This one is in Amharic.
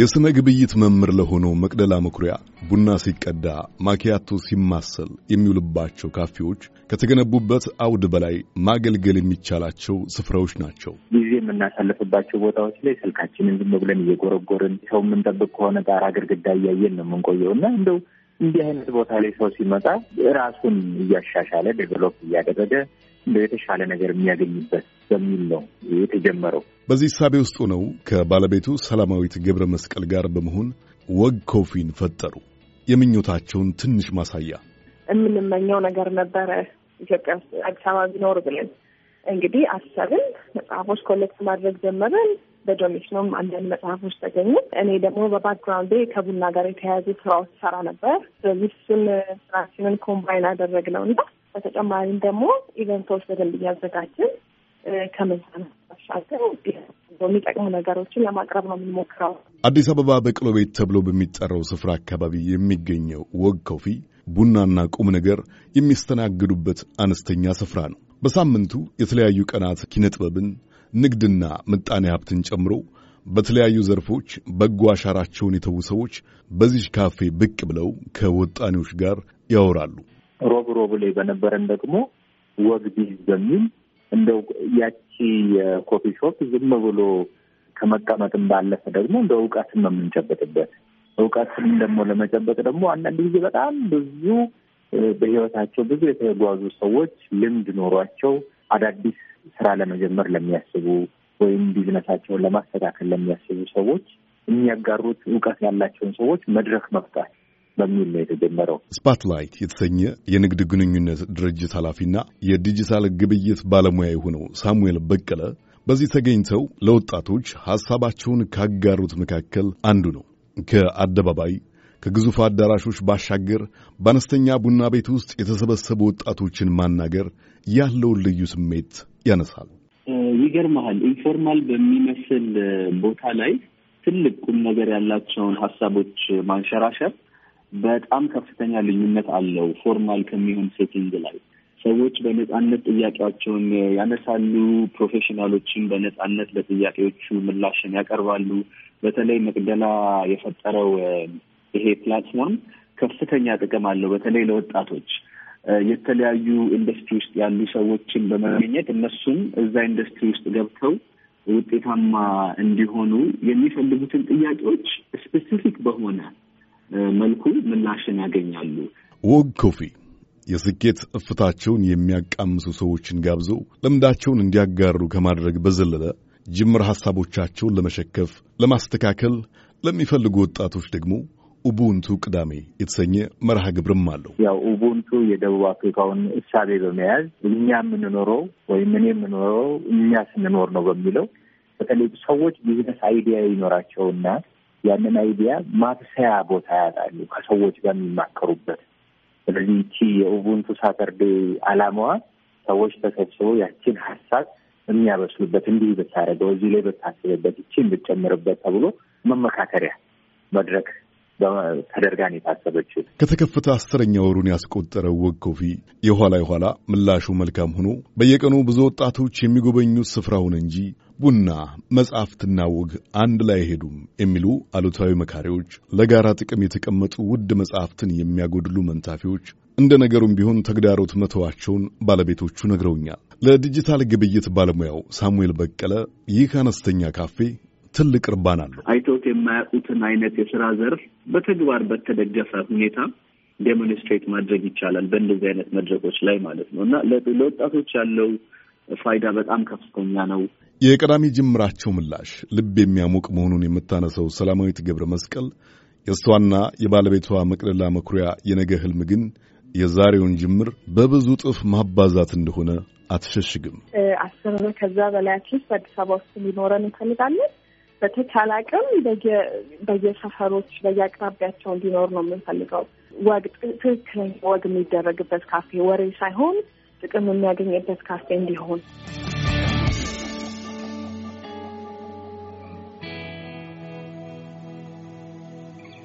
የሥነ ግብይት መምህር ለሆነው መቅደላ መኩሪያ ቡና ሲቀዳ ማኪያቶ ሲማሰል የሚውልባቸው ካፌዎች ከተገነቡበት አውድ በላይ ማገልገል የሚቻላቸው ስፍራዎች ናቸው። ጊዜ የምናሳልፍባቸው ቦታዎች ላይ ስልካችንን ዝም ብለን እየጎረጎርን ሰው የምንጠብቅ ከሆነ ጋር ግድግዳ እያየን ነው የምንቆየውና እንደው እንዲህ አይነት ቦታ ላይ ሰው ሲመጣ ራሱን እያሻሻለ ዴቨሎፕ እያደረገ የተሻለ ነገር የሚያገኝበት በሚል ነው የተጀመረው። በዚህ ሳቤ ውስጡ ነው ከባለቤቱ ሰላማዊት ገብረ መስቀል ጋር በመሆን ወግ ኮፊን ፈጠሩ። የምኞታቸውን ትንሽ ማሳያ የምንመኘው ነገር ነበረ ኢትዮጵያ ውስጥ አዲስ አበባ ቢኖር ብለን እንግዲህ አሰብን፣ መጽሐፎች ኮሌክት ማድረግ ጀመረን። በዶሚት ነው አንዳንድ መጽሐፎች ተገኙ። እኔ ደግሞ በባክግራውንዴ ከቡና ጋር የተያያዙ ስራዎች ሰራ ነበር። ሚስን ስራችንን ኮምባይን አደረግነው እና በተጨማሪም ደግሞ ኢቨንቶች በደንብ እያዘጋጅን ከመዛና ባሻገር የሚጠቅሙ ነገሮችን ለማቅረብ ነው የምንሞክረው። አዲስ አበባ በቅሎ ቤት ተብሎ በሚጠራው ስፍራ አካባቢ የሚገኘው ወግ ኮፊ ቡናና ቁም ነገር የሚስተናግዱበት አነስተኛ ስፍራ ነው። በሳምንቱ የተለያዩ ቀናት ኪነ ጥበብን ንግድና ምጣኔ ሀብትን ጨምሮ በተለያዩ ዘርፎች በጎ አሻራቸውን የተዉ ሰዎች በዚህ ካፌ ብቅ ብለው ከወጣኔዎች ጋር ያወራሉ። ሮብ ሮብ ላይ በነበረን ደግሞ ወግቢዝ በሚል እንደው ያቺ የኮፊ ሾፕ ዝም ብሎ ከመቀመጥም ባለፈ ደግሞ እንደ እውቀት ነው የምንጨበጥበት። እውቀትን ደግሞ ለመጨበጥ ደግሞ አንዳንድ ጊዜ በጣም ብዙ በህይወታቸው ብዙ የተጓዙ ሰዎች ልምድ ኖሯቸው አዳዲስ ስራ ለመጀመር ለሚያስቡ ወይም ቢዝነሳቸውን ለማስተካከል ለሚያስቡ ሰዎች የሚያጋሩት እውቀት ያላቸውን ሰዎች መድረክ መፍጣት በሚል ነው የተጀመረው። ስፓትላይት የተሰኘ የንግድ ግንኙነት ድርጅት ኃላፊና የዲጂታል ግብይት ባለሙያ የሆነው ሳሙኤል በቀለ በዚህ ተገኝተው ለወጣቶች ሀሳባቸውን ካጋሩት መካከል አንዱ ነው። ከአደባባይ ከግዙፍ አዳራሾች ባሻገር በአነስተኛ ቡና ቤት ውስጥ የተሰበሰቡ ወጣቶችን ማናገር ያለውን ልዩ ስሜት ያነሳል። ይገርመሃል፣ ኢንፎርማል በሚመስል ቦታ ላይ ትልቅ ቁም ነገር ያላቸውን ሀሳቦች ማንሸራሸር በጣም ከፍተኛ ልዩነት አለው ፎርማል ከሚሆን ሴቲንግ ላይ ሰዎች በነጻነት ጥያቄያቸውን ያነሳሉ። ፕሮፌሽናሎችን በነጻነት ለጥያቄዎቹ ምላሽን ያቀርባሉ። በተለይ መቅደላ የፈጠረው ይሄ ፕላትፎርም ከፍተኛ ጥቅም አለው፣ በተለይ ለወጣቶች የተለያዩ ኢንዱስትሪ ውስጥ ያሉ ሰዎችን በመገኘት እነሱም እዛ ኢንዱስትሪ ውስጥ ገብተው ውጤታማ እንዲሆኑ የሚፈልጉትን ጥያቄዎች ስፔሲፊክ በሆነ መልኩ ምላሽን ያገኛሉ። ወግ ኮፊ የስኬት እፍታቸውን የሚያቃምሱ ሰዎችን ጋብዘው ልምዳቸውን እንዲያጋሩ ከማድረግ በዘለለ ጅምር ሐሳቦቻቸውን ለመሸከፍ፣ ለማስተካከል ለሚፈልጉ ወጣቶች ደግሞ ኡቡንቱ ቅዳሜ የተሰኘ መርሃ ግብርም አለው። ያው ኡቡንቱ የደቡብ አፍሪካውን እሳቤ በመያዝ እኛ የምንኖረው ወይም እኔ የምኖረው እኛ ስንኖር ነው በሚለው በተለይ ሰዎች ቢዝነስ አይዲያ ይኖራቸውና ያንን አይዲያ ማብሰያ ቦታ ያጣሉ ከሰዎች ጋር የሚማከሩበት። ስለዚህ ይቺ የኡቡንቱ ሳተርዴ አላማዋ ሰዎች ተሰብስበው ያችን ሀሳብ የሚያበስሉበት እንዲህ ብታደርገው፣ እዚህ ላይ ብታስብበት፣ ይቺን ብትጨምርበት ተብሎ መመካከሪያ መድረክ ተደርጋን ነው የታሰበችው። ከተከፈተ አስረኛ ወሩን ያስቆጠረው ወግ ኮፊ የኋላ የኋላ ምላሹ መልካም ሆኖ በየቀኑ ብዙ ወጣቶች የሚጎበኙት ስፍራውን እንጂ ቡና፣ መጽሐፍትና ወግ አንድ ላይ አይሄዱም የሚሉ አሉታዊ መካሪዎች፣ ለጋራ ጥቅም የተቀመጡ ውድ መጽሐፍትን የሚያጎድሉ መንታፊዎች፣ እንደ ነገሩም ቢሆን ተግዳሮት መተዋቸውን ባለቤቶቹ ነግረውኛል። ለዲጂታል ግብይት ባለሙያው ሳሙኤል በቀለ ይህ አነስተኛ ካፌ ትልቅ እርባና አለው። አይቶት የማያውቁትን አይነት የስራ ዘርፍ በተግባር በተደገፈ ሁኔታ ዴሞንስትሬት ማድረግ ይቻላል፣ በእንደዚህ አይነት መድረኮች ላይ ማለት ነው እና ለወጣቶች ያለው ፋይዳ በጣም ከፍተኛ ነው። የቀዳሚ ጅምራቸው ምላሽ ልብ የሚያሞቅ መሆኑን የምታነሰው ሰላማዊት ገብረ መስቀል የእሷና የባለቤቷ መቅደላ መኩሪያ የነገ ህልም ግን የዛሬውን ጅምር በብዙ ጥፍ ማባዛት እንደሆነ አትሸሽግም። አስር ከዛ በላይ አትሊስት በአዲስ አበባ ውስጥ ሊኖረን እንፈልጋለን። በተቻለ አቅም በየሰፈሮች በየአቅራቢያቸው እንዲኖር ነው የምንፈልገው። ወግ ትክክለኛ ወግ የሚደረግበት ካፌ፣ ወሬ ሳይሆን ጥቅም የሚያገኝበት ካፌ እንዲሆን